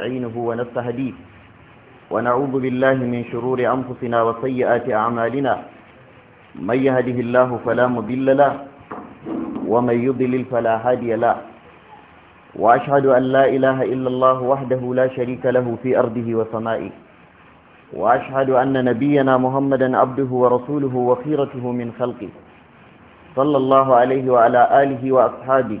نستعينه ونستهديه ونعوذ بالله من شرور أنفسنا وسيئات أعمالنا من يهده الله فلا مضل له ومن يضلل فلا هادي له وأشهد أن لا إله إلا الله وحده لا شريك له في أرضه وسمائه وأشهد أن نبينا محمدا عبده ورسوله وخيرته من خلقه صلى الله عليه وعلى آله وأصحابه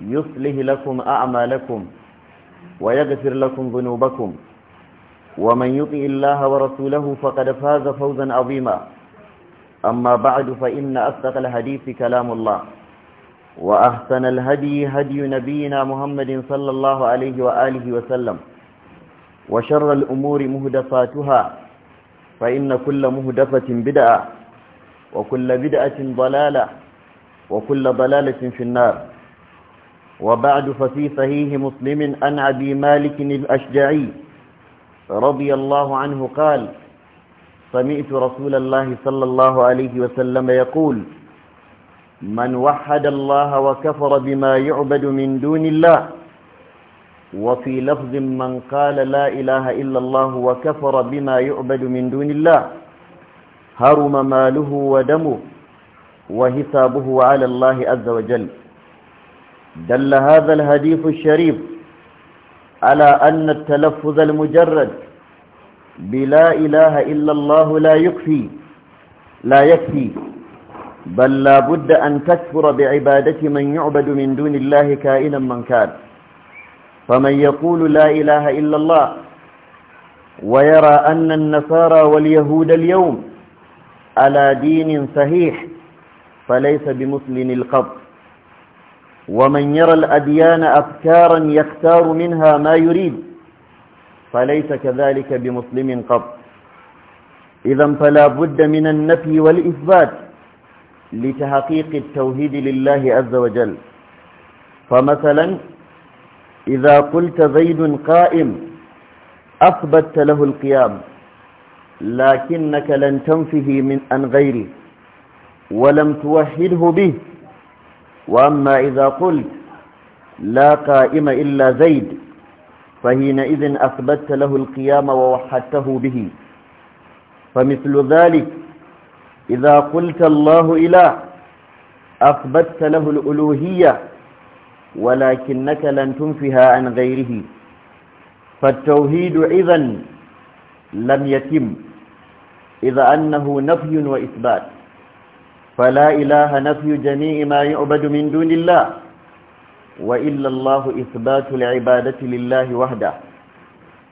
يصلح لكم أعمالكم ويغفر لكم ذنوبكم ومن يطع الله ورسوله فقد فاز فوزا عظيما أما بعد فإن أصدق الحديث كلام الله وأحسن الهدي هدي نبينا محمد صلى الله عليه وآله وسلم وشر الأمور مهدفاتها فإن كل مهدفة بدعة وكل بدعة ضلالة وكل ضلالة في النار وبعد ففي صحيح مسلم عن أبي مالك الأشجعي رضي الله عنه قال سمعت رسول الله صلى الله عليه وسلم يقول من وحد الله وكفر بما يعبد من دون الله وفي لفظ من قال لا إله إلا الله وكفر بما يعبد من دون الله هرم ماله ودمه وحسابه على الله عز وجل دل هذا الحديث الشريف على أن التلفظ المجرد بلا إله إلا الله لا يكفي لا يكفي بل لا بد أن تكفر بعبادة من يعبد من دون الله كائنا من كان فمن يقول لا إله إلا الله ويرى أن النصارى واليهود اليوم على دين صحيح فليس بمسلم القبط ومن يرى الأديان أفكارا يختار منها ما يريد فليس كذلك بمسلم قط إذا فلا بد من النفي والإثبات لتحقيق التوحيد لله عز وجل فمثلا إذا قلت زيد قائم أثبت له القيام لكنك لن تنفه من عن غيره ولم توحده به وأما إذا قلت لا قائم إلا زيد فحينئذ أثبتت له القيام ووحدته به فمثل ذلك إذا قلت الله إله أثبتت له الألوهية ولكنك لن تنفها عن غيره فالتوحيد إذن لم يتم إذا أنه نفي وإثبات فلا إله نفي جميع ما يعبد من دون الله وإلا الله إثبات العبادة لله وحده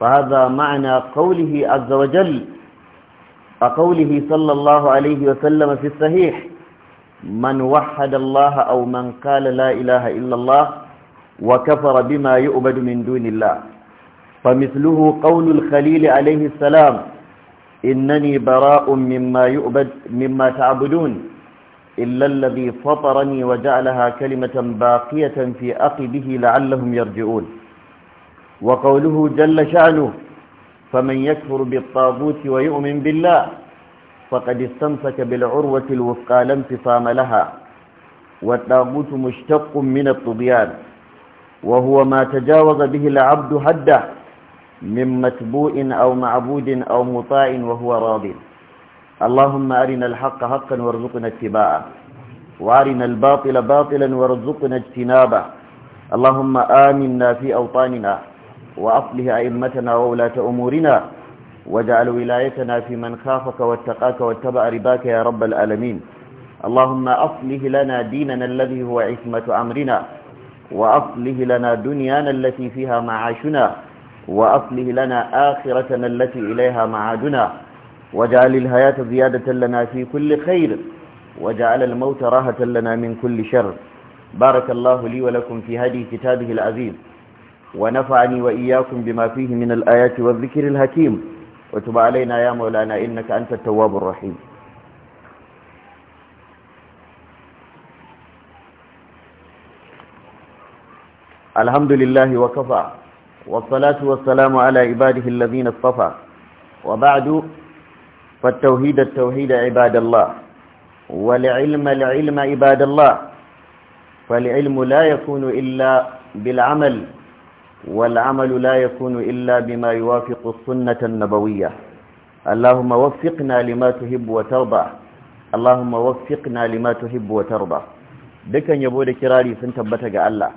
فهذا معنى قوله عز وجل فقوله صلى الله عليه وسلم في الصحيح من وحد الله أو من قال لا إله إلا الله وكفر بما يؤبد من دون الله فمثله قول الخليل عليه السلام إنني براء مما يؤبد مما تعبدون إلا الذي فطرني وجعلها كلمة باقية في أقبه لعلهم يرجعون وقوله جل شأنه فمن يكفر بالطاغوت ويؤمن بالله فقد استمسك بالعروة الوثقى لا انفصام لها والطاغوت مشتق من الطغيان وهو ما تجاوز به العبد حده من متبوء أو معبود أو مطاع وهو راضٍ اللهم أرنا الحق حقا وارزقنا اتباعه وأرنا الباطل باطلا وارزقنا اجتنابه اللهم آمنا في أوطاننا وأصلح أئمتنا وولاة أمورنا واجعل ولايتنا في من خافك واتقاك واتبع رباك يا رب العالمين اللهم أصلح لنا ديننا الذي هو عصمة أمرنا وأصلح لنا دنيانا التي فيها معاشنا وأصلح لنا آخرتنا التي إليها معادنا واجعل الحياة زيادة لنا في كل خير وجعل الموت راحة لنا من كل شر بارك الله لي ولكم في هذه كتابه العزيز ونفعني وإياكم بما فيه من الآيات والذكر الحكيم وتب علينا يا مولانا إنك أنت التواب الرحيم الحمد لله وكفى والصلاة والسلام على عباده الذين اصطفى وبعد فالتوحيد التوحيد عباد الله والعلم العلم عباد الله فالعلم لا يكون إلا بالعمل والعمل لا يكون إلا بما يوافق السنة النبوية اللهم وفقنا لما تحب وترضى اللهم وفقنا لما تحب وترضى dukan yabo da kirari sun tabbata ga Allah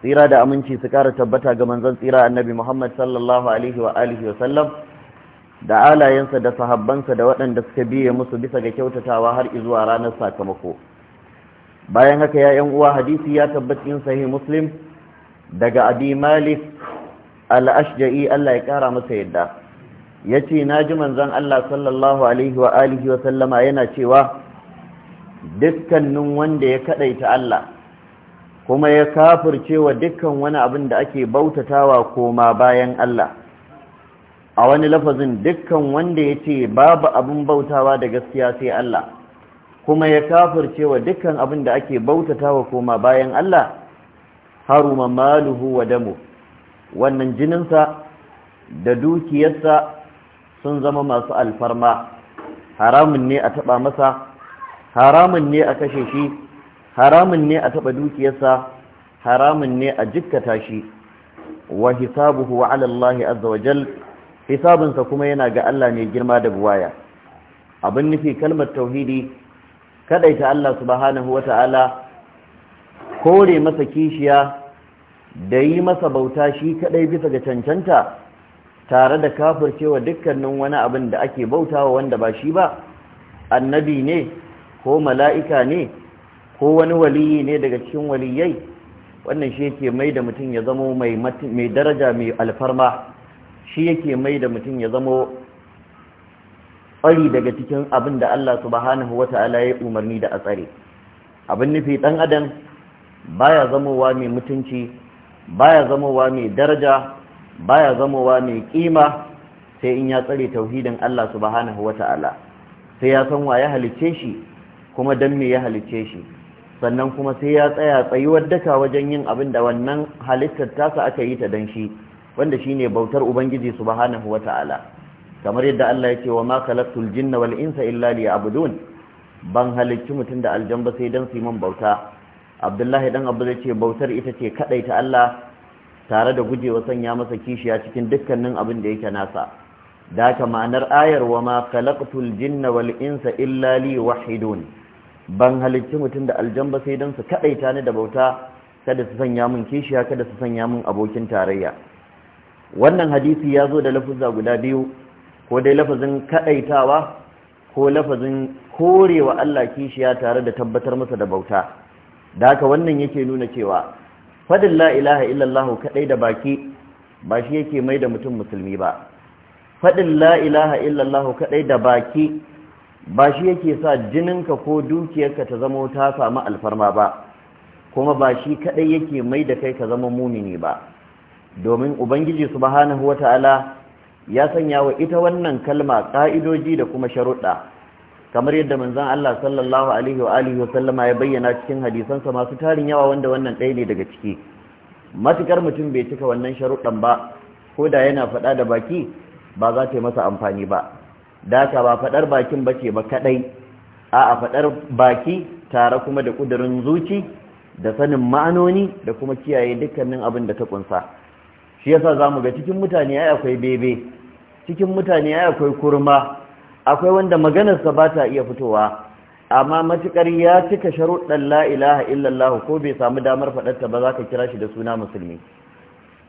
tsira da aminci su kara tabbata ga manzon tsira annabi Muhammad sallallahu alaihi wa alihi wa sallam da alayensa da sahabbansa da waɗanda suka biye musu bisa ga kyautatawa har izuwa ranar sakamako bayan haka ya yan uwa hadisi ya in sahih muslim daga abi malik al-ashja'i Allah ya kara masa yadda yace ji manzon Allah sallallahu alaihi wa alihi wa sallama yana cewa dukkanin wanda ya kadaita Allah kuma ya kafirce wa dukkan wani abin da ake bautatawa koma bayan Allah a wani lafazin dukkan wanda ya ce babu abin bautawa da gaskiya sai Allah kuma ya kafirce wa dukkan abin da ake bautatawa koma bayan Allah haruma maluhu wa damu wannan jininsa da dukiyarsa sun zama masu alfarma haramun ne a taba masa haramun ne a kashe shi haramun ne a taba dukiyarsa haramun ne a jikkata shi wa hisabuhu ala Allah azza wa jalla hisabinsa kuma yana ga Allah ne girma da buwaya abin nufi kalmar tauhidi kadaita Allah subhanahu ta'ala kore masa kishiya da yi masa bauta shi kadai bisa ga cancanta tare da kafircewa dukkanin wani abin da ake bautawa wanda ba shi ba annabi ne ko mala'ika ne ko wani waliyi ne daga cikin waliyai wannan shi yake mai da mutum ya zama mai daraja mai alfarma shi yake mai da mutum ya zamo tsari daga cikin abin da Allah subhanahu wa ta'ala ya umarni da a tsare abin nufi ɗan adam baya zamowa mai mutunci baya zamowa mai daraja baya zamowa mai ƙima sai in ya tsare tauhidin Allah subhanahu wa ta'ala sai ya san wa ya halicce shi kuma don me ya halicce shi sannan kuma sai ya tsaya tsayuwar daka wajen yin abin da wannan halittar tasa aka yi ta dan shi wanda shine bautar ubangiji subhanahu wataala kamar yadda Allah yake wa ma khalaqtul jinna wal insa illa liya'budun ban halicci mutum da aljan ba sai dan su min bauta Abdullahi dan Abu zai ce bautar ita ce kadai ta Allah tare da gujewa sanya masa kishiya cikin dukkanin abin da yake nasa da ta ma'anar ayar wa ma khalaqtul jinna wal insa illa liya'budun ban halicci mutum da aljan ba sai dan su kadai ta ni da bauta kada su sanya min kishiya kada su sanya min abokin tarayya wannan hadisi ya zo da lafuzza guda biyu ko dai lafazin kaɗaitawa ko lafazin korewa Allah kishiya tare da tabbatar masa da bauta da haka wannan yake nuna cewa fadin la ilaha illallah kadai da baki ba shi yake mai da mutum musulmi ba fadin la ilaha illallah kadai da baki ba shi yake sa jinin ka ko dukiyarka ta zama ta samu alfarma ba kuma ba shi kadai yake mai da kai ka zama mumini ba domin ubangiji subhanahu wata'ala ya sanya wa ita wannan kalma ƙa'idoji da kuma sharuɗa kamar yadda manzon Allah sallallahu alaihi wa alihi wasallama ya bayyana cikin hadisansa masu tarin yawa wanda wannan ɗaya ne daga ciki matukar mutum bai cika wannan sharuɗan ba ko da yana faɗa da baki ba za ta yi masa amfani ba daka ba faɗar bakin ba ce ba kaɗai a a faɗar baki tare kuma da ƙudurin zuci da sanin ma'anoni da kuma kiyaye dukkanin abin da ta ƙunsa shi yasa zamu ga cikin mutane ai akwai bebe cikin mutane ai akwai kurma akwai wanda maganarsa ba ta iya fitowa amma matukar ya cika sharuɗan La'ilaha, illallah ko bai samu damar faɗarta ba za ka kira shi da suna musulmi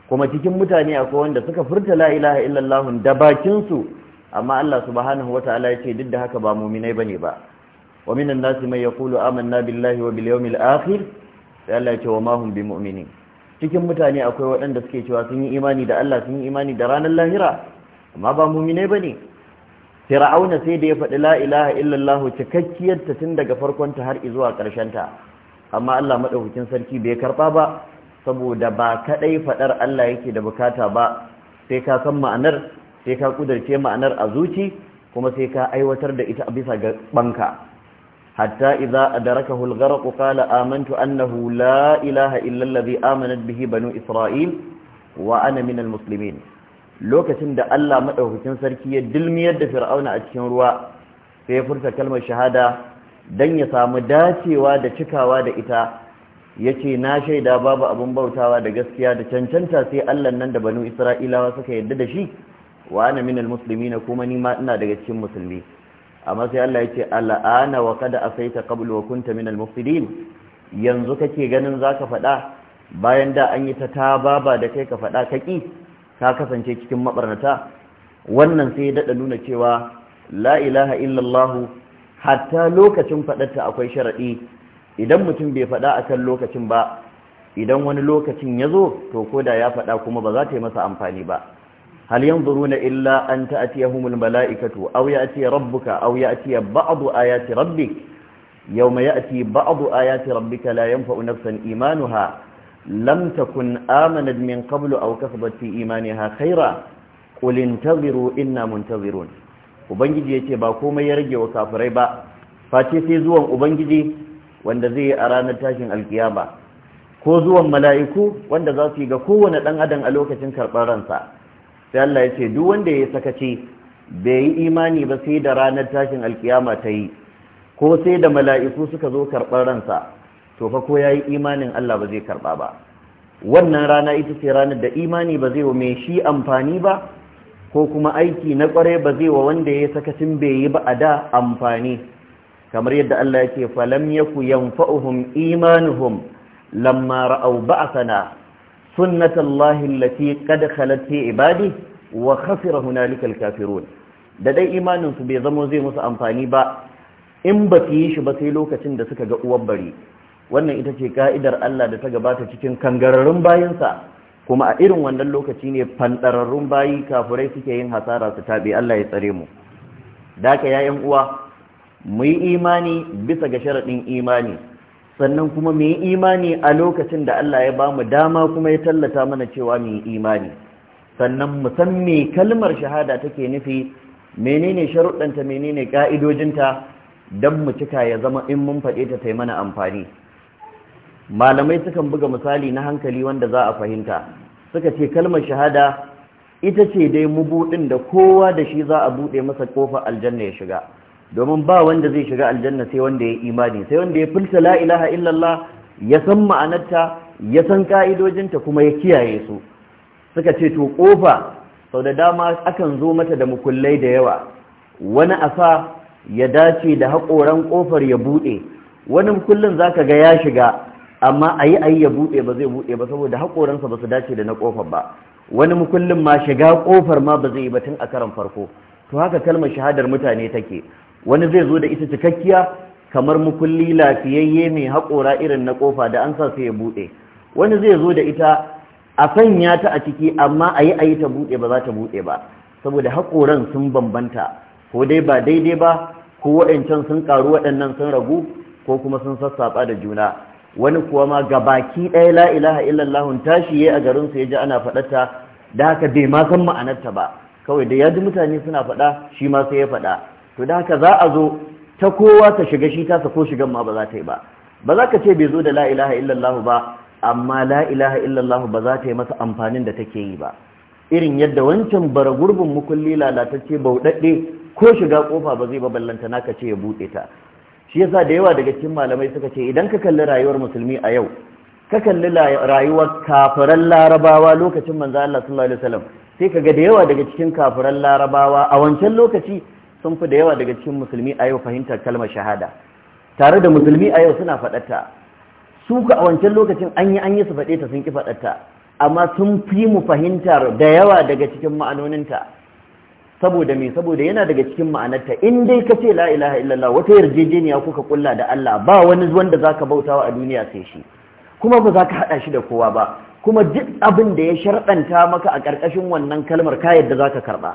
kuma cikin mutane akwai wanda suka furta La'ilaha, illallah da bakinsu amma Allah subhanahu wataala ya ce duk da haka ba muminai ne ba wa minan nasi man yaqulu amanna billahi wa bil yawmil akhir sai Allah ya ce wa ma hum bimu'minin cikin mutane akwai waɗanda suke cewa sun yi imani da Allah sun yi imani da ranar lahira amma ba mumine bane fir'auna sai da ya faɗi la ilaha illallah cikakkiyar ta tun daga farkon ta har zuwa ƙarshen ta amma Allah madaukakin sarki bai karɓa ba saboda ba kaɗai faɗar Allah yake da bukata ba sai ka san ma'anar sai ka kudarce ma'anar a zuci kuma sai ka aiwatar da ita a bisa ga banka hatta idza adrakahu al-gharq qala amantu annahu la ilaha illa alladhi bihi banu isra'il wa ana min lokacin da Allah madaukakin sarki ya dilmiyar da fir'auna a cikin ruwa sai ya furta kalmar shahada dan ya samu dacewa da cikawa da ita yace na shaida babu abin bautawa da gaskiya da cancanta sai Allah nan da banu isra'ilawa suka yadda da shi wa ana min na kuma ni ma ina daga cikin musulmi amma sai Allah yake al'ana wa kada asaita qablu wa kunta minal mufsidin yanzu kake ganin zaka faɗa bayan da an yi ta tababa da kai ka faɗa kaki ka kasance cikin mabarnata wannan sai ya daɗa nuna cewa la ilaha illallah hatta lokacin faɗarta akwai sharaɗi idan mutum bai faɗa akan lokacin ba idan wani lokacin ya zo to koda ya faɗa kuma ba za ta yi masa amfani ba hal yanzuruna illa an humul mala'ikatu aw ya'ti rabbuka aw ya'ti ba'du ayati rabbik yawma ya'ti ba'du ayati rabbika la yanfa'u nafsan imanuha lam takun amanat min qablu aw kasabat fi imaniha khayra qul intaziru inna muntazirun ubangiji yace ba komai ya rage wa kafurai ba face sai zuwan ubangiji wanda zai yi a ranar tashin alkiyama ko zuwan mala'iku wanda za su yi ga kowane ɗan adam a lokacin karɓar ransa sai Allah ya ce duk wanda ya sakaci bai yi imani ba sai da ranar tashin alkiyama ta yi ko sai da mala'iku suka zo karɓar ransa to fa ko ya yi imanin Allah ba zai karɓa ba wannan rana ita ce ranar da imani ba zai wa mai shi amfani ba ko kuma aiki na ƙware ba zai wa wanda ya sakacin bai yi ba a da amfani kamar yadda Allah ya ce falam yaku yanfa'uhum imanuhum lamma ra'aw ba'sana سنة الله التي قد خلت في عباده وخسر هنالك الكافرون da dai imaninsu bai zamo zai musu amfani ba in ba su yi shi ba sai lokacin da suka ga uwar bari wannan ita ce ka'idar Allah da ta gabata cikin kangararrun bayansa kuma a irin wannan lokaci ne fandararrun bayi kafurai suke yin hasara su tabi Allah ya tsare mu da ka yayan uwa mu yi imani bisa ga sharaɗin imani sannan kuma mu imani a lokacin da Allah ya ba mu dama kuma ya tallata mana cewa mu imani sannan mu san me kalmar shahada take nufi menene sharuɗanta menene ƙa'idojinta, don mu cika ya zama in mun faɗe ta taimana mana amfani malamai sukan buga misali na hankali wanda za a fahimta suka ce kalmar shahada ita ce dai mubuɗin da kowa da shi za a buɗe masa ƙofar aljanna ya shiga domin ba wanda zai shiga aljanna sai wanda ya imani sai wanda ya fulta la ilaha illallah ya san ma'anarta ya san ka'idojinta kuma ya kiyaye su suka ce to kofa sau da dama akan zo mata da mukullai da yawa wani asa ya dace da haƙoran kofar ya buɗe wani mukullin ka ga ya shiga amma ayi ayi ya buɗe ba zai buɗe ba saboda haƙoransa ba su dace da na kofar ba wani mukullin ma shiga kofar ma ba zai yi ba tun a karan farko to haka kalmar shahadar mutane take wani zai zo da ita cikakkiya kamar mukulli lafiyayye mai haƙora irin na ƙofa da an sa su ya buɗe wani zai zo da ita a sanya ta a ciki amma a yi a yi ta buɗe ba za ta buɗe ba saboda haƙoran sun bambanta ko dai ba daidai ba ko waɗancan sun ƙaru waɗannan sun ragu ko kuma sun sassaɓa da juna wani kuwa ma ga baki ɗaya la ilaha illallahun tashi ya a garinsu ya ji ana faɗata da haka bai ma san ma'anarta ba kawai da ya ji mutane suna faɗa shi ma sai ya faɗa to da haka za a zo ta kowa ta shiga shi ta ko shigan ma ba za ta yi ba ba za ka ce bai zo da la ilaha illallah ba amma la ilaha illallah ba za ta yi masa amfanin da take yi ba irin yadda wancan bara gurbin mukulli lalatacce bauɗaɗɗe ko shiga kofa ba zai ba ballanta naka ce ya buɗe ta shi yasa da yawa daga cikin malamai suka ce idan ka kalli rayuwar musulmi a yau ka kalli rayuwar kafiran larabawa lokacin manzo Allah sallallahu alaihi wasallam sai kaga da yawa daga cikin kafiran larabawa a wancan lokaci sun fi da yawa daga cikin musulmi a yau fahimtar kalmar shahada tare da musulmi a yau suna faɗata su ka a wancan lokacin an yi an yi su faɗe ta sun ki faɗata amma sun fi mu fahimtar da yawa daga cikin ma'anoninta saboda me saboda yana daga cikin ma'anarta in dai ka ce la ilaha illallah wata yarjejeniya ko ka kulla da Allah ba wani wanda zaka bautawa a duniya sai shi kuma ba za ka haɗa shi da kowa ba kuma duk abin da ya sharɗanta maka a ƙarƙashin wannan kalmar ka yadda za ka karɓa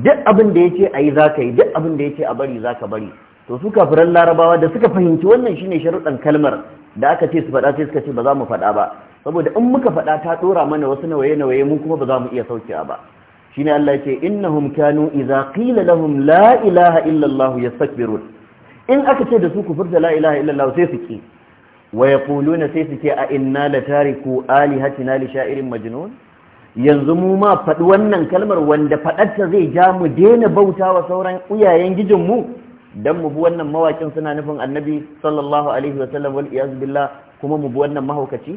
duk abin da yace ayi zaka yi duk abin da yace a bari zaka bari to su kafiran larabawa da suka fahimci wannan shine sharuɗan kalmar da aka ce su faɗa sai suka ce ba za mu faɗa ba saboda in muka faɗa ta ɗora mana wasu nawaye nawaye mu kuma ba za mu iya saukewa ba shine Allah ce innahum kanu idza qila lahum la ilaha illa Allah yastakbirun in aka ce da su ku furta la ilaha illa Allah sai su ki wa yaquluna sai su ce a inna la tariku alihatina li sha'irin majnun yanzu mu ma faɗi wannan kalmar wanda faɗarta zai ja mu daina bauta wa sauran iyayen gijinmu don mu bi wannan mawakin suna nufin annabi sallallahu alaihi wasallam wal iyaz billah kuma mu bi wannan mahaukaci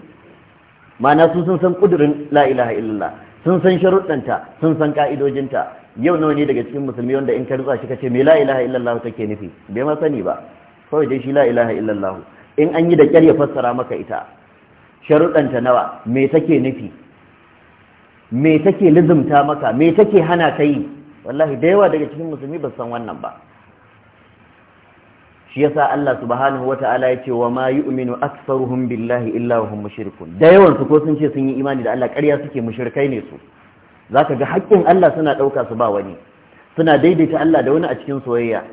ma'ana su sun san ƙudurin la ilaha illallah sun san sharuɗanta sun san ka'idojinta, yau nawa ne daga cikin musulmi wanda in ka rutsa shi ka ce me la ilaha illallah take nufi bai ma sani ba kawai dai shi la ilaha illallah in an yi da ƙyar ya fassara maka ita sharuɗanta nawa me take nufi me take lizumta maka me take hana ka yi wallahi da yawa daga cikin musulmi ba san wannan ba shi yasa Allah subhanahu wata'ala ya ce wa ma yu'minu aktharuhum billahi illa hum mushrikun da yawan su ko sun ce sun yi imani da Allah ƙarya suke mushrikai ne su zaka ga haƙƙin Allah suna ɗauka su ba wani suna daidaita Allah da wani a cikin soyayya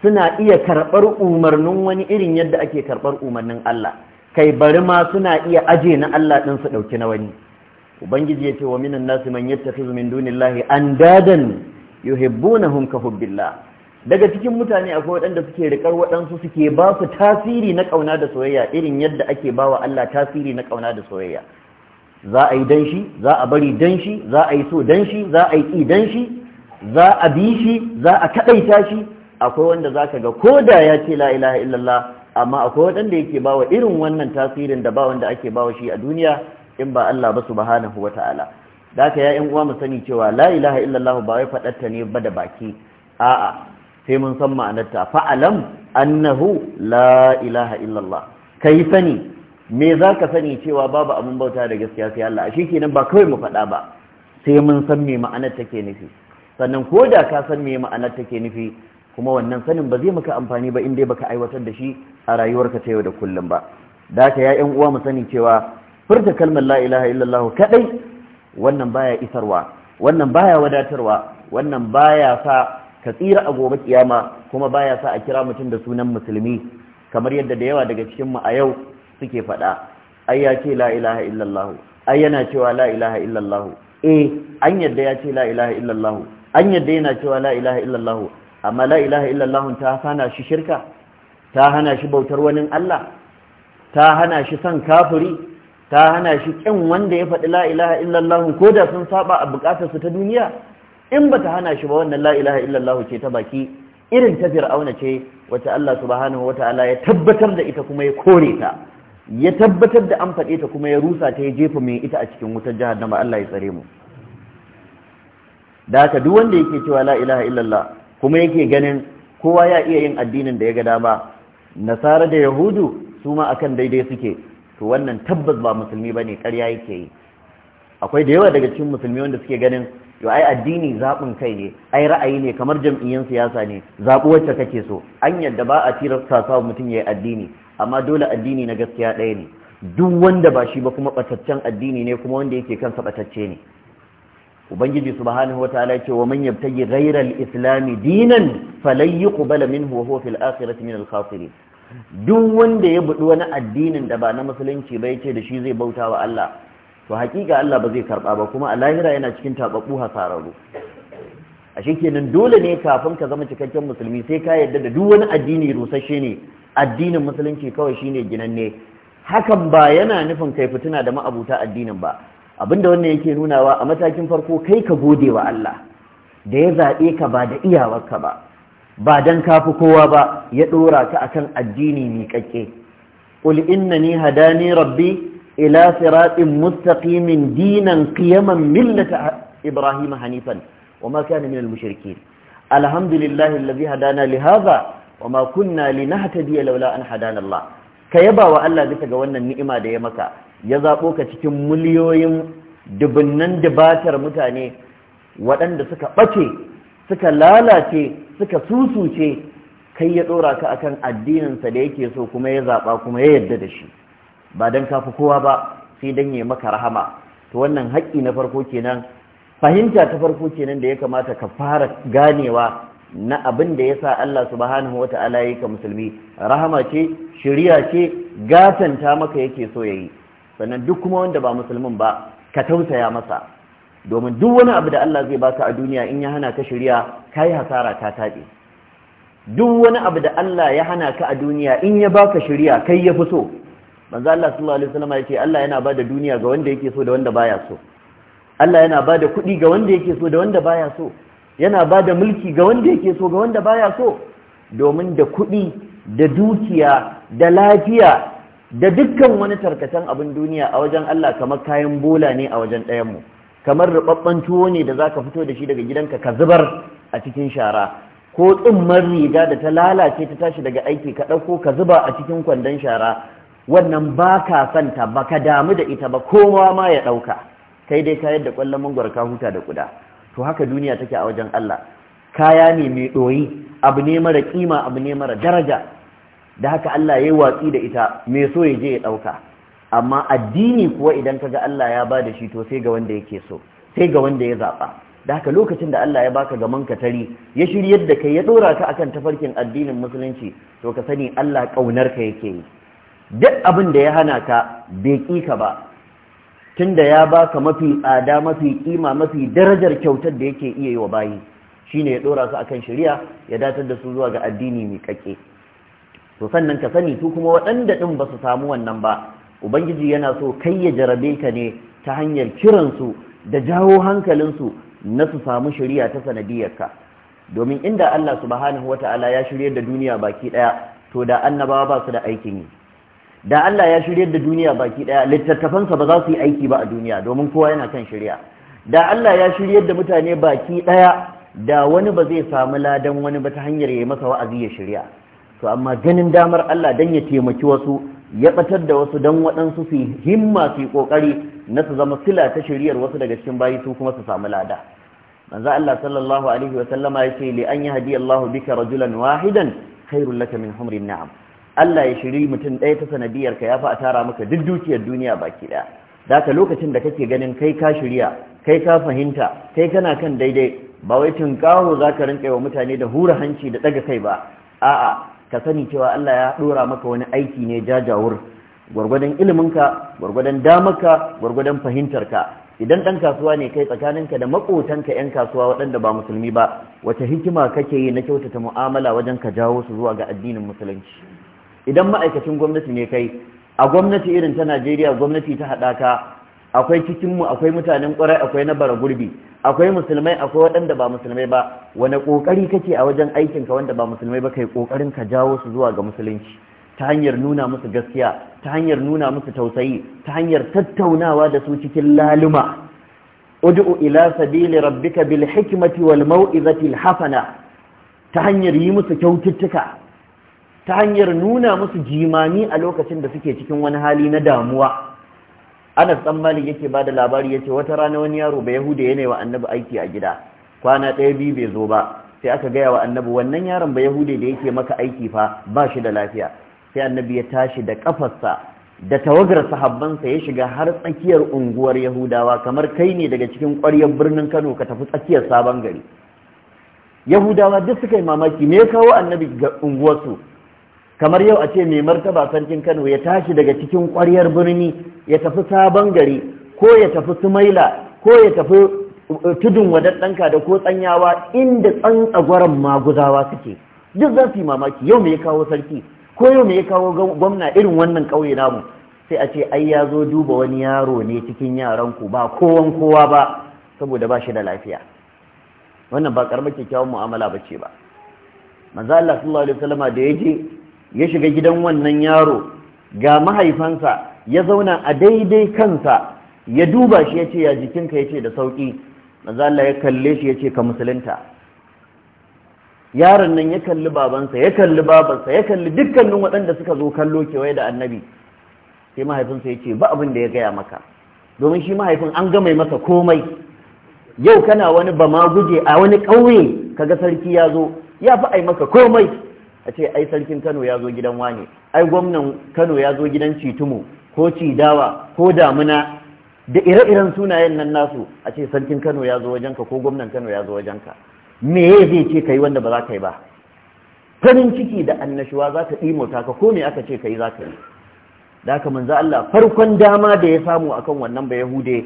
suna iya karɓar umarnin wani irin yadda ake karɓar umarnin Allah kai bari ma suna iya aje na Allah din su ɗauki na wani ubangiji ya ce wa minan nasu man yattakhidhu an dunillahi andadan na ka hubbillah daga cikin mutane akwai waɗanda suke rikar waɗansu suke ba su tasiri na ƙauna da soyayya irin yadda ake ba wa Allah tasiri na ƙauna da soyayya za a yi danshi za a bari danshi za a yi so danshi za a yi ƙi danshi za a bi shi za a kaɗaita shi akwai wanda za ka ga ko da ya ce la ilaha illallah amma akwai waɗanda yake ba wa irin wannan tasirin da ba wanda ake ba wa shi a duniya in ba Allah ba su subhanahu wata'ala da ka yi uwa mu sani cewa la ilaha illallah ba wai faɗatta ne ba da baki a'a sai mun san ma'anarta fa'alam annahu la ilaha illallah yi sani me za ka sani cewa babu abin bauta da gaskiya sai Allah shi kenan ba kawai mu faɗa ba sai mun san me ma'anar take nufi sannan ko da ka san me ma'anar take nufi kuma wannan sanin ba zai maka amfani ba in dai baka aiwatar da shi a rayuwarka ta yau da kullum ba da ka yi uwa mu sani cewa furta kalmar la ilaha illallah kadai wannan baya isarwa wannan baya wadatarwa wannan baya sa ka tsira a gobe kiyama kuma baya sa a kira mutum da sunan musulmi kamar yadda da yawa daga cikin mu a yau suke faɗa ai ya ce la ilaha illallah ai yana cewa la ilaha illallah eh an yadda ya ce la ilaha illallah an yadda yana cewa la ilaha illallah amma la ilaha illallah ta hana shi shirka ta hana shi bautar wani Allah ta hana shi san kafiri ta hana shi ƙin wanda ya faɗi la'ilaha illallahu ko da sun saba a buƙatarsu ta duniya in ba ta hana shi ba wannan la'ilaha illallahu ce ta baki irin ta fir'auna ce wacce Allah subhanahu wa ta'ala ya tabbatar da ita kuma ya kore ta ya tabbatar da an faɗe ta kuma ya rusa ta ya jefa mai ita a cikin wutar jihar, jahannama Allah ya tsare mu da haka duk wanda yake cewa la'ilaha illallah kuma yake ganin kowa ya iya yin addinin da ya ga dama nasara da yahudu su ma akan daidai suke to wannan tabbas ba musulmi ba bane ƙarya yake yi akwai da yawa daga cikin musulmi wanda suke ganin ya'u ai addini zaɓin kai ne ai ra'ayi ne kamar jam'iyyan siyasa ne zaɓi wacce kake so an yadda ba a tirasta sa mutum ya yi addini amma dole addini na gaskiya ɗaya ne duk wanda ba shi ba kuma ɓataccen addini ne kuma wanda yake kansa ɓatacce ne ubangiji subhanahu ta'ala ce wa man yabtaji ghayra al islami, dinan falan yuqbala minhu wa huwa fil akhirati min al-khasirin duk wanda ya buɗe wani addinin da ba na musulunci ba yace da shi zai bauta wa Allah to hakika Allah ba zai karɓa ba kuma a lahira yana cikin tababbu hasararru a kenan dole ne kafin ka zama cikakken musulmi sai ka yarda da duk wani addini rusashe ne addinin musulunci kawai shine ginanne hakan ba yana nufin kai fituna da ma'abuta addinin ba abinda wannan yake nunawa a matakin farko kai ka gode wa Allah da ya zaɓe ka ba da iyawarka ba ba dan kafi kowa ba ya dora ka akan addini mi kakke qul innani hadani rabbi ila siratin mustaqimin dinan qiyaman millata ibrahim hanifan wama kana minal mushrikeen alhamdulillahi alladhi hadana li hadha ma kunna linahtadiya laula an hadana allah ka yaba wa Allah bisa ga wannan ni'ima da ya maka ya zabo ka cikin miliyoyin dubunnan dubatar mutane waɗanda suka ɓace suka lalace suka susuce kai ya ɗora ka akan addininsa da yake so kuma ya zaɓa kuma ya yarda da shi ba don kafi kowa ba sai don ya maka rahama to wannan haƙƙi na farko kenan fahimta ta farko kenan da ya kamata ka fara ganewa na abin da ya sa Allah subhanahu wa ta'ala ya ka musulmi rahama ce shirya ce gatanta maka yake so ya yi sannan duk kuma wanda ba musulmin ba ka tausaya masa domin duk wani abu da Allah zai baka a duniya in ya hana ka shirya ka yi hasara ta taɓe duk wani abu da Allah ya hana ka a duniya in ya baka shirya kai ya fi so manzo Allah sallallahu alaihi wasallam ya Allah yana bada duniya ga wanda yake so da wanda baya so Allah yana bada kuɗi ga wanda yake so da wanda baya so yana bada mulki ga wanda yake so ga wanda baya so domin da kuɗi da dukiya da lafiya da dukkan wani tarkatan abin duniya a wajen Allah kamar kayan bola ne a wajen ɗayan mu kamar rubabban tuwo ne da za ka fito da shi daga gidanka ka zubar a cikin shara ko tsummar riga da ta lalace ta tashi daga aiki ka ɗauko ka zuba a cikin kwandon shara wannan ba ka santa ba ka damu da ita ba kowa ma ya ɗauka kai dai ka yadda ƙwallon mangwar ka huta da kuda to haka duniya take a wajen Allah kaya ne mai ɗoyi abu ne mara kima abu ne mara daraja da haka Allah ya yi watsi da ita mai so ya je ya ɗauka amma addini kuwa idan kaga Allah ya ba da shi to sai ga wanda yake so sai ga wanda ya zaba da haka lokacin da Allah ya baka gaman ka tari ya shiryar da kai ya dora ka akan tafarkin addinin musulunci to ka sani Allah kaunar ka yake yi duk abin da ya hana ka bai ki ka ba tunda ya baka mafi tsada mafi kima mafi darajar kyautar da yake iya yi wa bayi shine ya dora su akan shari'a ya datar da su zuwa ga addini mai kake to sannan ka sani su kuma waɗanda din ba su samu wannan ba ubangiji yana so kai ya jarabe ka ne ta hanyar kiransu da jawo hankalinsu na su samu shari'a ta sanadiyarka domin inda Allah subhanahu wata'ala ya shiryar da duniya baki daya to da annabawa ba su da aikin yi da Allah ya shiryar da duniya baki daya littattafansa ba za su yi aiki ba a duniya domin kowa yana kan shari'a da Allah ya shiryar da mutane baki ɗaya, da wani ba zai samu ladan wani ba ta hanyar ya yi masa wa'azi ya shirya to amma ganin damar Allah don ya taimaki wasu ya batar da wasu don waɗansu su himma su ƙoƙari na su zama sila ta shiriyar wasu daga cikin bayi su kuma su samu lada manzo Allah sallallahu alaihi wa sallama ya ce, li an yahdi Allahu bika rajulan wahidan khairul laka min humrin na'am Allah ya shiri mutum ɗaya ta sanadiyar ka yafi a tara maka duk dukiyar duniya baki ɗaya daka lokacin da kake ganin kai ka shirya kai ka fahimta kai kana kan daidai ba wai tunƙaho zaka rinƙa wa mutane da hura hanci da ɗaga kai ba a'a ka sani cewa Allah ya dora maka wani aiki ne jajawur gwargwadon iliminka gwargwadon damarka gwargwadon fahimtarka idan dan kasuwa ne kai tsakaninka da makotanka yan kasuwa waɗanda ba musulmi ba wace hikima kake yi na kyautata mu'amala wajen ka jawo su zuwa ga addinin musulunci idan ma'aikacin gwamnati ne kai a gwamnati irin ta Najeriya gwamnati ta haɗaka akwai cikinmu akwai mutanen ƙwarai akwai na bara gurbi akwai musulmai akwai waɗanda ba musulmai ba wani ƙoƙari kake a wajen aikinka wanda ba musulmai ba kai ƙoƙarin ka jawo su zuwa ga musulunci ta hanyar nuna musu gaskiya ta hanyar nuna musu tausayi ta hanyar tattaunawa da su cikin laluma ud'u ila sabili rabbika bil hikmati wal mau'izati al hasana ta hanyar yi musu kyaututtuka ta hanyar nuna musu jimami a lokacin da suke cikin wani hali na damuwa anas dan malik yake ba da labari ya ce, wata rana wani yaro ba yahuda yana wa annabi aiki a gida kwana ɗaya biyu bai zo ba sai aka gaya wa annabi wannan yaron ba Yahuda da yake maka aiki fa ba shi da lafiya sai annabi ya tashi da kafarsa da tawagar sahabbansa ya shiga har tsakiyar unguwar yahudawa kamar kai ne daga cikin ƙwaryar birnin kano ka tafi tsakiyar sabon gari yahudawa duk suka yi mamaki me ya kawo annabi ga unguwarsu kamar yau a ce mai martaba sarkin Kano ya tashi daga cikin ƙwariyar birni ya tafi sabon gari ko ya tafi sumaila ko ya tafi uh, tudun wadattanka da ko tsanyawa inda tsantsagwaran maguzawa suke duk za su yi mamaki yau me ya kawo sarki ko yau me ya kawo gwamna irin wannan ƙauye namu sai a ce ai ya zo duba wani yaro ne cikin yaranku ba kowan kowa ba saboda ba shi da lafiya wannan ba karamar kyakkyawan mu'amala ba ce ba manzo Allah sallallahu alaihi wasallama da yaje ya shiga gidan wannan yaro ga mahaifansa ya zauna a daidai kansa ya duba shi ya ce ya jikinka ya ce da sauƙi maza ya kalle shi ya ce ka musulunta yaron nan ya kalli babansa ya kalli babansa ya kalli dukkanin waɗanda suka zo kallo kewaye da annabi sai mahaifinsa ya ce ba abin da ya gaya maka domin shi mahaifin an gama masa komai yau kana wani bama guje a wani ƙauye kaga sarki ya zo ya fi ai maka komai a ce ai sarkin kano ya zo gidan wane ai gwamnan kano ya zo gidan citumu ko cidawa ko damuna da ire-iren sunayen nan nasu a ce sarkin kano ya zo wajenka ko gwamnan kano ya zo wajenka me zai ce ka yi wanda ba za ka yi ba farin ciki da annashuwa za ka ɗimota ka ko me aka ce ka yi za ka yi da haka manzo Allah farkon dama da ya samu akan wannan ba yahude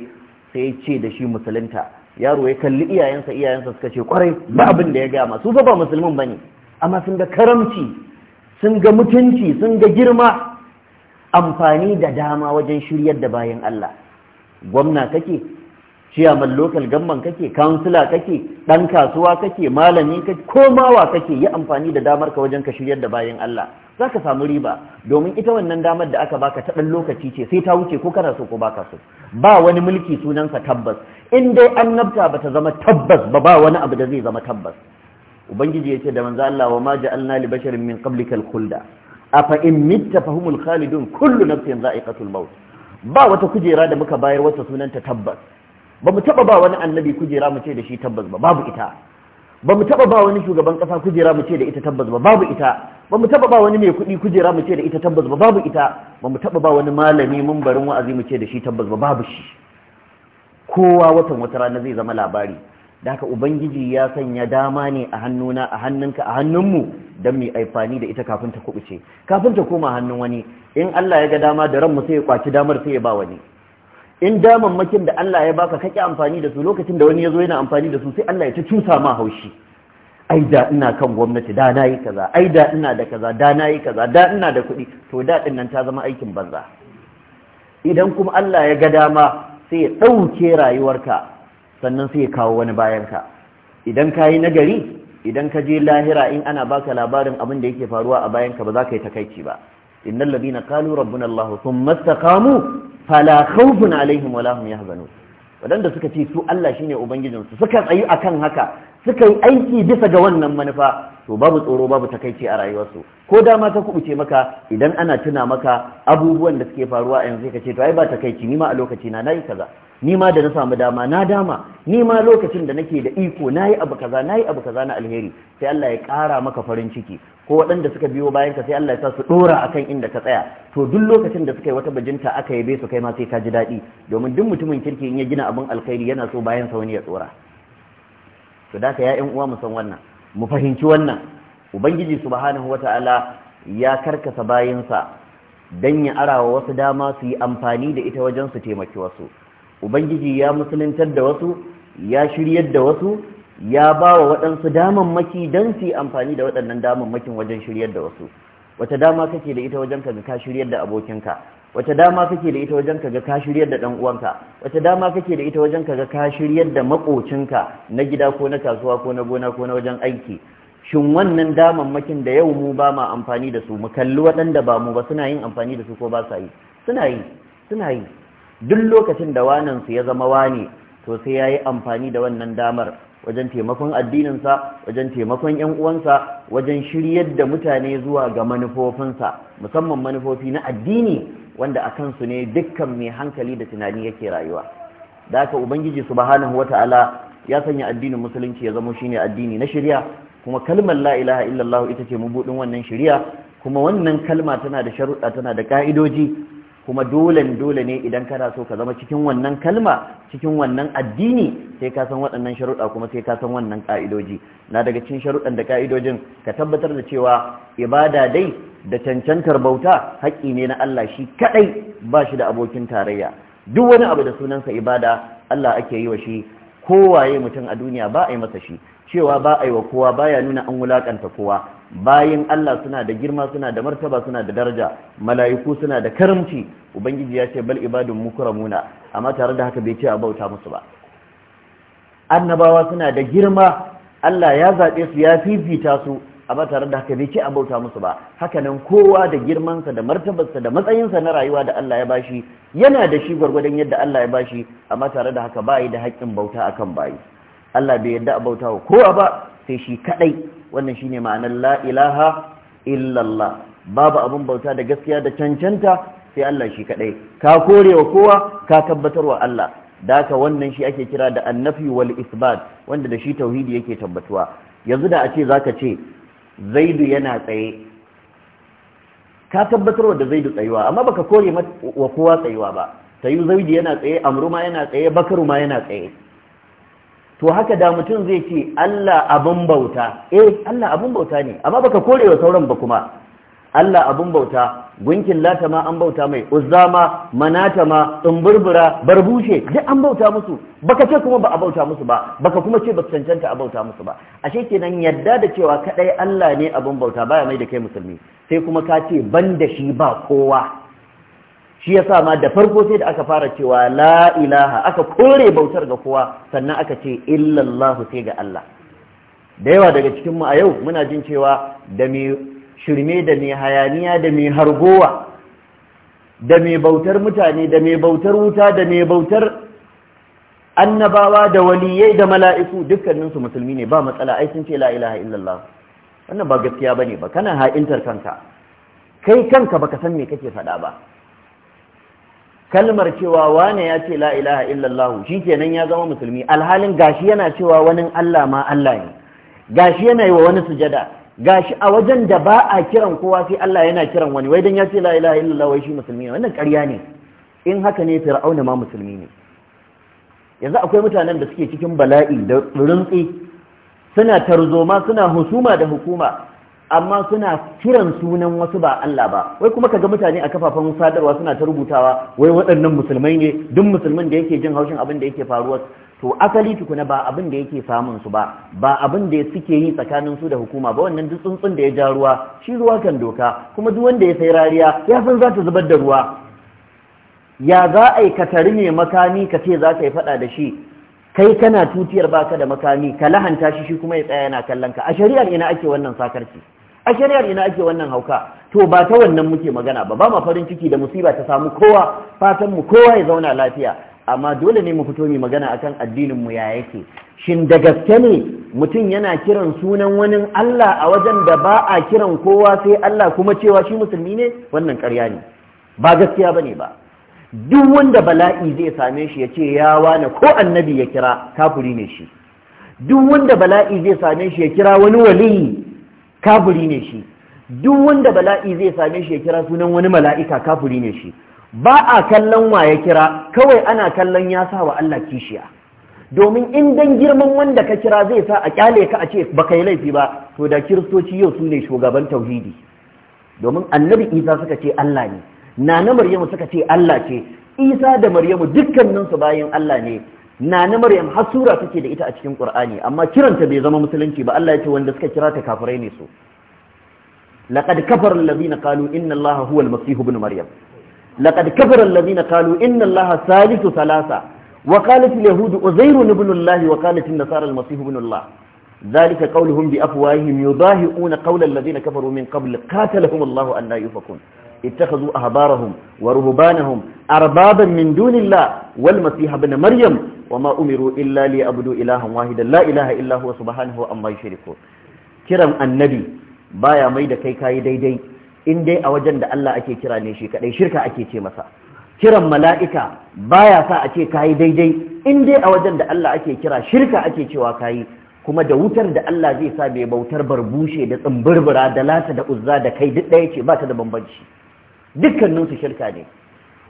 sai ya ce da shi musulunta yaro ya kalli iyayensa iyayensa suka ce kwarai ba abin da ya gama su ba musulmin bane amma sun ga karamci sun ga mutunci sun ga girma amfani da dama wajen shiryar da bayan Allah gwamna kake ciyaman local gamban kake kansila kake ɗan kasuwa kake malami kake komawa kake yi amfani da damar ka wajen ka shiryar da bayan Allah zaka samu riba domin ita wannan damar da aka baka ta ɗan lokaci ce sai ta wuce ko kana so ko baka so ba wani mulki sunansa tabbas in dai annabta bata zama tabbas ba ba wani abu da zai zama tabbas ubangiji ce da manzo Allah wa ma ja'alna li basharin min qablikal khulda afa in mitta fahumul khalidun kullu nafsin za'iqatul maut ba wata kujera da muka bayar wata sunanta tabbas ba mu taba ba wani annabi kujera mu ce da shi tabbas ba babu ita ba mu taba ba wani shugaban kasa kujera mu ce da ita tabbas ba babu ita ba mu taba ba wani mai kuɗi kujera mu ce da ita tabbas ba babu ita ba mu taba ba wani malami mun barin wa'azi mu ce da shi tabbas ba babu shi kowa watan wata rana zai zama labari da haka ubangiji ya sanya dama ne a hannuna a hannunka a hannun mu don mai aifani da ita kafin ta kubuce kafin ta koma hannun wani in Allah ya ga dama da ranmu sai ya kwaci damar sai ya ba wani in daman makin da Allah ya baka kake amfani da su lokacin da wani ya zo yana amfani da su sai Allah ya ta cusa ma haushi ai da ina kan gwamnati da na yi kaza ai da ina da kaza da na yi kaza da ina da kuɗi to da ɗin nan ta zama aikin banza idan kuma Allah ya ga dama sai ya ɗauke rayuwarka sannan sai ya kawo wani bayan ka idan ka yi nagari idan ka je lahira in ana baka labarin abin da yake faruwa a bayan ka ba za ka yi takaici ba innal ladina qalu rabbuna allah thumma istaqamu fala khawfun alaihim wala hum yahzanun wadanda suka ce su Allah shine ubangijinsu suka tsayi akan haka suka yi aiki bisa ga wannan manufa to babu tsoro babu takaici a rayuwarsu ko dama ta kubuce maka idan ana tuna maka abubuwan da suke faruwa a yanzu ce to ai ba takaici ni ma a lokaci na nayi kaza ni ma da na samu dama na dama ni ma lokacin da nake da iko nayi abu kaza nayi abu kaza na alheri sai Allah ya ƙara maka farin ciki ko waɗanda suka biyo bayan ka sai Allah ya sa su dora akan inda ka tsaya to duk lokacin da suka yi wata bajinta aka yabe su kai ma sai ka ji daɗi domin duk mutumin kirki in ya gina abin alkhairi yana so bayan sa wani ya tsora to da ka ya ƴan uwa mu san wannan mu fahimci wannan ubangiji subhanahu wata'ala ya karkasa bayansa don ya arawa wasu dama su yi amfani da ita wajen su taimaki wasu ubangiji ya musuluntar da wasu ya shiryar da wasu ya ba wa waɗansu damammaki don su yi amfani da waɗannan damammakin wajen shiryar da wasu wata dama kake da ita wajen ka ka shiryar da abokinka wace dama kake da ita wajen kaga ka shiryar da dan uwanka wace dama kake da ita wajen kaga ka shiryar da makocinka na gida ko na kasuwa ko na gona ko na wajen aiki shin wannan damammakin da yau mu ba ma amfani da su mu kalli waɗanda ba mu ba suna yin amfani da su ko ba sa yi suna yi suna yi duk lokacin da wanan su ya zama wane to sai yayi amfani da wannan damar wajen taimakon addininsa wajen taimakon 'yan uwansa wajen shiryar da mutane zuwa ga manufofinsa musamman manufofi na addini wanda a kansu ne dukkan mai hankali da tunani yake rayuwa da haka ubangiji subhanahu wata'ala ya sanya addinin musulunci ya zama ne addini na shirya? kuma kalmar la'ilaha illallahu ita ce mabudin wannan shirya? kuma wannan kalma tana da sharuɗa tana da ƙa'idoji kuma dole dole ne idan kana so ka zama cikin wannan kalma cikin wannan addini sai ka san waɗannan sharuɗa kuma sai ka san wannan ƙa'idoji na daga cikin sharuɗan da ƙa'idojin ka tabbatar da cewa ibada dai da cancantar bauta haƙƙi ne na Allah shi kaɗai ba shi da abokin tarayya duk wani abu da sunansa ibada Allah ake yi wa shi kowaye mutum a duniya ba a yi masa shi cewa ba a yi wa kowa baya nuna an wulaƙanta kowa bayin Allah suna da girma suna da martaba suna da daraja mala'iku suna da karamci ubangiji ya ce bal ibadun mukramuna amma tare da haka bai ce a bauta musu ba annabawa suna da girma Allah ya zaɓe su ya fifita su amma tare da haka bai ce a bauta musu ba haka nan kowa da girmansa da martabarsa da matsayinsa na rayuwa da Allah ya bashi yana da shi gurgurdan yadda Allah ya bashi amma tare da haka yi da haƙƙin bauta akan bayi Allah bai yadda a bauta ko kowa ba sai shi kadai wannan shi ne ma'anar lailaha ilaha illallah babu abin bauta da gaskiya da cancanta sai Allah shi kaɗai. ka korewa kowa ka tabbatarwa Allah Da daka wannan shi ake kira da annafi wal isbat wanda da shi tauhidi yake tabbatuwa yanzu da a ce za ka ce zaidu yana tsaye ka tabbatarwa da zaidu tsayuwa amma baka kore wa kowa tsayuwa ba tayu zaidu yana tsaye amru ma yana tsaye bakaru ma yana tsaye to haka da mutum zai ce Allah abin bauta eh Allah abin bauta ne amma baka korewa sauran ba kuma Allah abin bauta gunkin lata ma an bauta mai uzza ma manata ma tsumburbura barbushe duk an bauta musu baka ce kuma ba a bauta musu ba baka kuma ce ba cancanta a bauta musu ba ashe kenan yadda da cewa kadai Allah ne abin bauta baya mai da kai musulmi sai kuma ka ce ban da shi ba kowa shi sa ma da farko sai da aka fara cewa lailaha aka kore bautar ga kowa sannan aka ce illallahu sai ga Allah da yawa daga cikinmu a yau muna jin cewa da mai shirme da mai hayaniya da mai hargowa da mai bautar mutane da mai bautar wuta da mai bautar annabawa da waliyai da mala'iku dukkaninsu musulmi ne ba matsala ai sun ce la ilaha wannan ba gaskiya bane ba kana ha'intar kanka kai kanka baka san me kake faɗa ba kalmar cewa wane ya ce la ilaha illallah kenan ya zama musulmi alhalin gashi yana cewa wani Allah ma Allah ne gashi yana yi wa wani sujada gashi a wajen da ba a kiran kowa sai Allah yana kiran wani wai dan ya ce la ilaha illallah wai shi musulmi ne wannan ƙarya ne in haka ne fir'auna ma musulmi ne yanzu akwai mutanen da suke cikin bala'i da rintsi suna tarzoma suna husuma da hukuma amma suna kiran sunan wasu ba Allah ba wai kuma kaga mutane a kafafen sadarwa suna ta rubutawa wai waɗannan musulmai ne duk musulmin da yake jin haushin abin da yake faruwa to asali tukuna ba abin da yake samun su ba ba abin da suke yi tsakanin su da hukuma ba wannan duk tsuntsun da ya ja ruwa shi ruwa kan doka kuma duk wanda ya sai rariya ya san za ta zubar da ruwa ya za a yi katari ne makami ka ce za ka yi faɗa da shi kai kana tutiyar baka da makami ka lahanta shi shi kuma ya tsaya yana kallon ka a shari'ar ina ake wannan sakarci a shari'ar ina ake wannan hauka to ba ta wannan muke magana ba ba ma farin ciki da musiba ta samu kowa fatan mu kowa ya zauna lafiya amma dole ne mu fito mu magana akan addinin mu ya yake shin da gaske ne mutum yana kiran sunan wani Allah a wajen da ba a kiran kowa sai Allah kuma cewa shi musulmi ne wannan ƙarya ne ba gaskiya bane ba duk wanda bala'i zai same shi ya ce ya wane ko annabi ya kira kafuri ne shi duk wanda bala'i zai same shi ya kira wani waliyi Kafuri ne shi duk wanda bala'i zai same shi ya kira sunan wani mala'ika kafuri ne shi ba a kallon wa ya kira kawai ana kallon ya sa wa Allah kishiya domin in dan girman wanda ka kira zai sa a kyale ka a ce ba ka yi laifi ba to da kiristoci yau su ne shugaban tauhidi domin annabi isa suka ce Allah ne nana maryamu suka ce Allah ce isa da maryamu dukkaninsu bayan Allah ne Nana maryam har sura take da ita a cikin qur'ani amma kiranta bai zama musulunci ba Allah ya wanda suka kira ta kafirai ne su laqad kafara alladhina qalu inna allaha huwa almasih ibn maryam laqad kafara alladhina qalu inna allaha salisu thalatha wa qalat alyahud uzair ibn allah wa qalat an-nasara almasih ibn allah ذلك قولهم بأفواههم يضاهئون قول الذين كفروا من قبل قاتلهم الله أن لا يفكون اتخذوا أهبارهم ورهبانهم أربابا من دون الله والمسيح ابن مريم وما أمروا إلا ليعبدوا إلها واحدا لا إله إلا هو سبحانه أما يشركون كرم النبي بايا ميدا كي كاي دي دي إن دي أوجن الله أكي كرا نيشي شركة أكي تي مسا kiran mala'ika baya sa a ce kayi daidai in dai a wajen da Allah ake kira shirka ake cewa kayi kuma da wutar da Allah zai sa mai bautar barbushe da tsimbirbira da lata da uzza da kai duk ɗaya ce ba ta da bambanci dukkaninsu shirka ne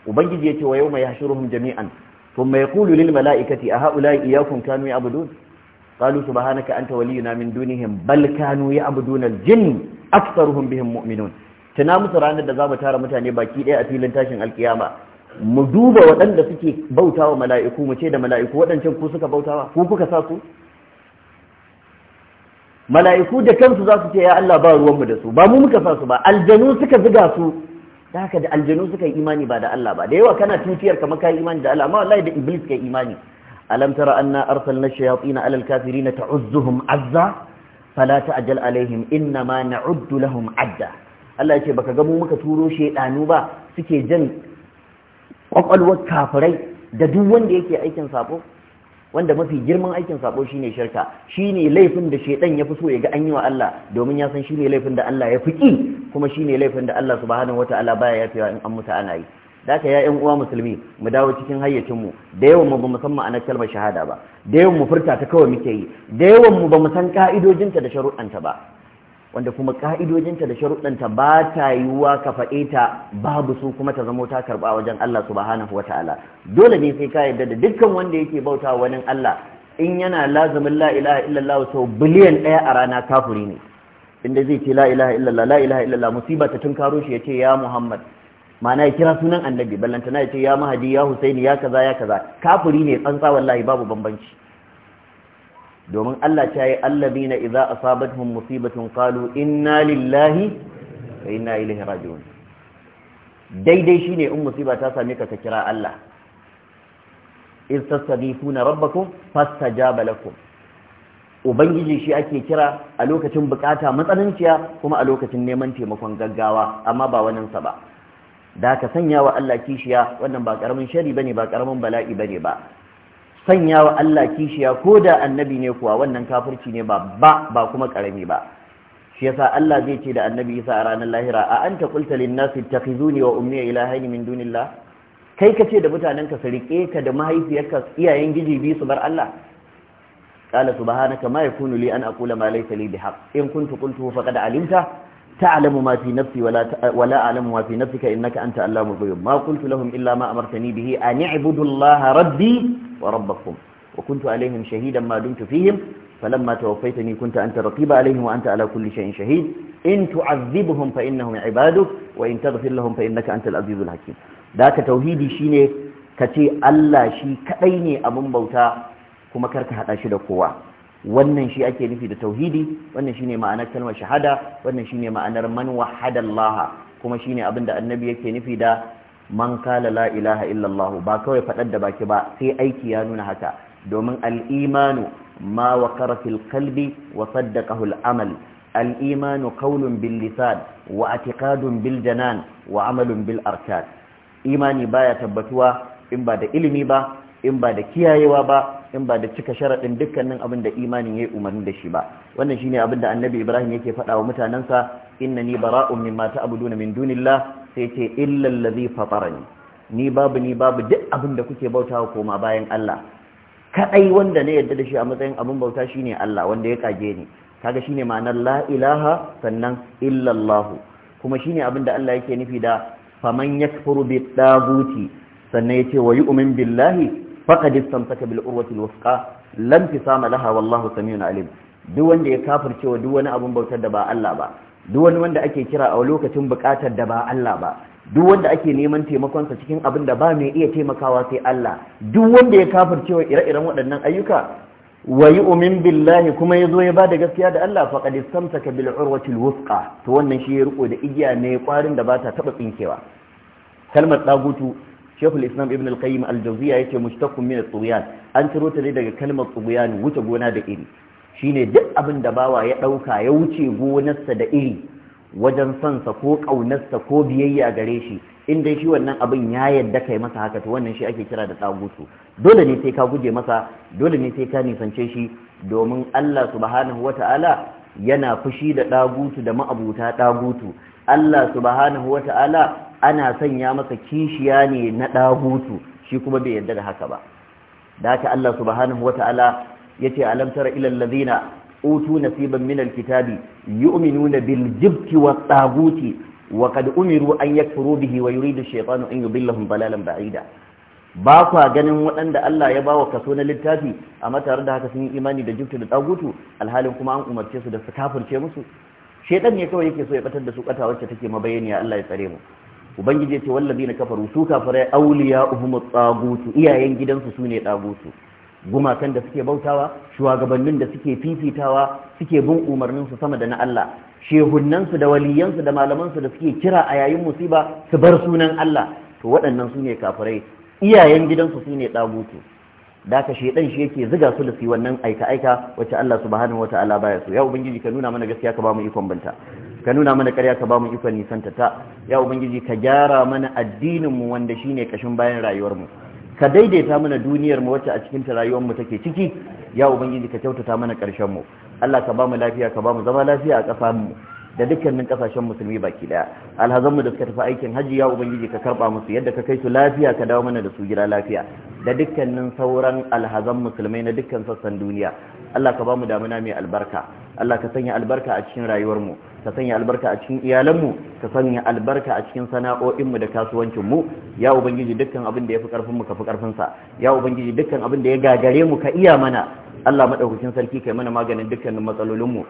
ubangiji yace wa yawma yahshuruhum jami'an thumma yaqulu lil mala'ikati a ha'ula'i iyyakum kanu ya'budun qalu subhanaka anta waliyuna min dunihim bal kanu ya'buduna al jinn aktharuhum bihim mu'minun tana musu ranar da za mu tara mutane baki ɗaya a filin tashin alkiyama mu duba waɗanda suke bautawa mala'iku mu ce da mala'iku waɗancan ku suka bautawa ku kuka sa su mala'iku da kansu za su ce ya Allah ba ruwanmu da su ba mu muka sa su ba aljanu suka ziga su da haka da aljanu suka yi imani ba da Allah ba da yawa kana tutiyar kamar kai imani da Allah amma wallahi da iblis kai imani alam tara anna arsalna shayatin ala alkafirin ta'uzzuhum azza fala ta'jal alaihim inna ma na'uddu lahum adda Allah yace baka ga mu muka turo shedanu ba suke jan kwakwalwar kafirai da duk wanda yake aikin sabo wanda mafi girman aikin sabo shine shirka shine laifin da shedan ya fi so ya ga an yi wa Allah domin ya san shine laifin da Allah ya fiki kuma shine laifin da Allah subhanahu wataala baya yafewa in an muta ana yi daka ya ƴan uwa musulmi mu dawo cikin hayyacin mu da yawan mu ba mu san ma'anar kalmar shahada ba da yawan mu furta ta kawai muke yi da yawan mu ba mu san ka'idojinta da sharuɗanta ba wanda kuma ka'idojinta da sharuɗanta ba ta yiwuwa ka faɗe ta babu su kuma ta zamo ta karɓa wajen Allah subhanahu wa ta'ala dole ne sai ka yarda da dukkan wanda yake bauta wani Allah in yana lazumin la illallah sau biliyan ɗaya a rana kafuri ne inda zai ce la ilaha illallah la illallah musiba ta tun karo shi ya ce ya muhammad ma'ana ya kira sunan annabi ballantana ya ce ya mahadi ya husaini ya kaza ya kaza kafuri ne tsantsa wallahi babu bambanci domin Allah ta yi iza a asabatuhum musibatun qalu inna lillahi wa inna ilaihi raji'un daidai shine in musiba ta same ka ka kira Allah iz tastabifuna rabbakum fastajaba lakum ubangiji shi ake kira a lokacin bukata matsananciya kuma a lokacin neman taimakon gaggawa amma ba wannan sa ba da ka sanya wa Allah kishiya wannan ba karamin shari bane ba karamin bala'i bane ba sanya wa Allah kishiya ko da annabi ne kuwa wannan kafirci ne ba ba kuma karami ba shi yasa Allah zai ce da annabi Isa a ranar lahira a ta kulta lin nasi ittakhizuni wa ummi ilahaini min dunillah kai ka ce da mutanen ka su ka da mahaifiyarka iyayen giji bi su bar Allah qala subhanaka ma yakunu li an aqula ma laysa li bihaq in kuntu qultu faqad alimta ta'lamu ma fi nafsi wala wala a'lamu ma fi nafsika innaka anta allamul ghuyub ma qultu lahum illa ma amartani bihi an i'budu allaha rabbi wa rabbakum wa kuntu alaihim shahidan ma dumtu fihim فلما توفيتني كنت أنت رقيب عليهم وأنت على كل شيء شهيد إن تعذبهم فإنهم عبادك وإن تغفر لهم فإنك أنت العزيز الحكيم ذاك kace Allah shi الله شي كأيني أبن Kuma كما كرك هذا شي kowa. wannan shi ake nufi da tauhidi wannan shine ma'anar kalmar shahada wannan shine ma'anar man wahada Allah kuma shine abin da annabi yake nufi da man kala la ilaha illallah ba kawai fadar da baki ba sai aiki ya nuna haka domin al-imanu ma waqara fil qalbi wa saddaqahu al-amal al-imanu qawlun bil lisan wa i'tiqadun bil janan wa amalun bil arkan imani baya tabbatuwa in ba da ilimi ba in ba da kiyayewa ba in ba da cika sharaɗin dukkanin abin da imanin ya yi umarni da shi ba wannan shine abin da annabi ibrahim yake faɗa wa mutanensa innani bara'un mimma ta'buduna min dunillah sai ce illa allazi fatarani ni babu ni babu duk abin da kuke bautawa koma bayan Allah kadai wanda ne yadda da shi a matsayin abin bauta shine Allah wanda ya kage ni kaga shine ma'anar la ilaha sannan illa kuma shine abin da Allah yake nufi da faman yakfuru bi taguti sannan yace wa yu'min billahi faqad istamsaka bil urwati al wusqa lam tisama laha wallahu samiyun alim duk wanda ya kafirce wa duk wani abun bautar da ba Allah ba duk wani wanda ake kira a lokacin bukatar da ba Allah ba duk wanda ake neman taimakon sa cikin abin da ba mai iya taimakawa sai Allah duk wanda ya kafirce wa ire-iren waɗannan ayyuka wa yu'min billahi kuma yazo ya bada gaskiya da Allah faqad istamsaka bil urwati al wusqa to wannan shi ya riko da igiya ne kwarin da ba ta taba tsinkewa kalmar dagutu shekul islam ibn al-qayyim al-jawziya yake mushtaqqun min at-tughyan an ciro ta ne daga kalmar tughyan wuce gona da iri shine duk abin da bawa ya dauka ya wuce gonarsa da iri wajen sa ko kaunarsa ko biyayya gare shi in dai shi wannan abin ya yadda kai masa haka to wannan shi ake kira da tsagutu dole ne sai ka guje masa dole ne sai ka nisance shi domin Allah subhanahu wata'ala yana fushi da ɗagutu da ma'abuta ɗagutu Allah subhanahu wata'ala ana sanya masa kishiya ne na ɗahutu shi kuma bai yarda da haka ba da haka Allah subhanahu wata'ala yace a tara ila allazina utu nasiban min alkitabi yu'minuna bil jibti wat taguti wa qad umiru an yakfuru bihi wa yuridu shaytanu an yudillahum dalalan ba'ida ba kwa ganin waɗanda Allah ya bawa kaso na littafi amma tare da haka sun yi imani da jibti da tagutu alhalin kuma an umarce su da su kafirce musu shaytan ne kawai yake so ya batar da su kata wacce take mabayaniya Allah ya tsare mu ubangiji ya ce wallazi na kafaru su kafarai auliya uhum tsagutu iyayen gidansu su ne tsagutu gumakan da suke bautawa shugabannin da suke fifitawa suke bin umarninsu sama da na Allah shehunnansu da waliyansu da malamansu da suke kira a yayin musiba su bar sunan Allah to waɗannan su ne kafirai iyayen gidansu su ne tsagutu da ka shedan shi yake ziga su da su wannan aika aika wacce Allah subhanahu wataala baya so ya ubangiji ka nuna mana gaskiya ka ba mu ikon banta ka nuna mana karya ka ba mu ikon nisanta ta ya ubangiji ka gyara mana addininmu mu wanda shine kashin bayan rayuwarmu. ka daidaita mana duniyarmu wacce a cikinta ta rayuwar mu take ciki ya ubangiji ka kyautata mana ƙarshenmu. Allah ka ba mu lafiya ka ba mu zama lafiya a ƙasar mu da dukkanin kasashen musulmi baki daya alhazanmu da suka tafi aikin hajji ya ubangiji ka karɓa musu yadda ka kai su lafiya ka dawo mana da su gida lafiya da dukkanin sauran alhazan musulmai na dukkan sassan duniya Allah ka bamu damuna mai albarka Allah ka sanya albarka a cikin rayuwarmu ka sanya albarka a cikin iyalanmu ka sanya albarka a cikin sana'o'inmu da kasuwancinmu ya ubangiji dukkan abin da ya fi karfinmu ka fi karfinsa ya ubangiji dukkan abin da ya gagare mu ka iya mana Allah maɗaukacin sarki kai mana maganin dukkanin matsalolinmu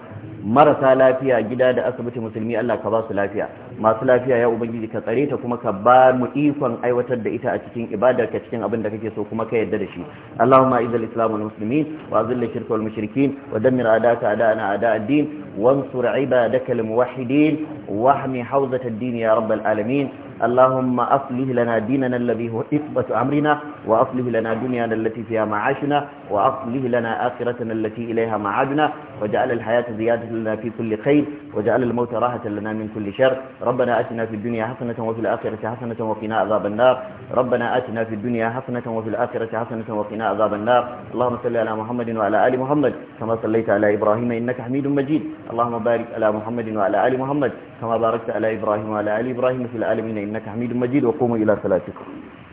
marasa lafiya gida da asibiti musulmi Allah ka ba su lafiya masu lafiya ya ubangiji ka tsare ta kuma ka ba mu ikon aiwatar da ita a cikin ibadar ka cikin abin da kake so kuma ka yadda da shi Allahumma izal islam wal muslimin wa azil shirka wal mushrikin wa dammir adaka adana ada ad-din wansur ibadaka al muwahhidin wahmi hawzat ad-din ya rabbal alamin اللهم أصله لنا ديننا الذي هو إثبة أمرنا وأصله لنا دنيانا التي فيها معاشنا وأصله لنا آخرتنا التي إليها معادنا وجعل الحياة زيادة لنا في كل خير وجعل الموت راحة لنا من كل شر ربنا آتنا في الدنيا حسنة وفي الآخرة حسنة وقنا عذاب النار ربنا آتنا في الدنيا حسنة وفي الآخرة حسنة وقنا عذاب النار اللهم صل على محمد وعلى آل محمد كما صليت على إبراهيم إنك حميد مجيد اللهم بارك على محمد وعلى آل محمد كما باركت على إبراهيم وعلى آل إبراهيم في العالمين إنك حميد مجيد وقوموا إلى صلاتكم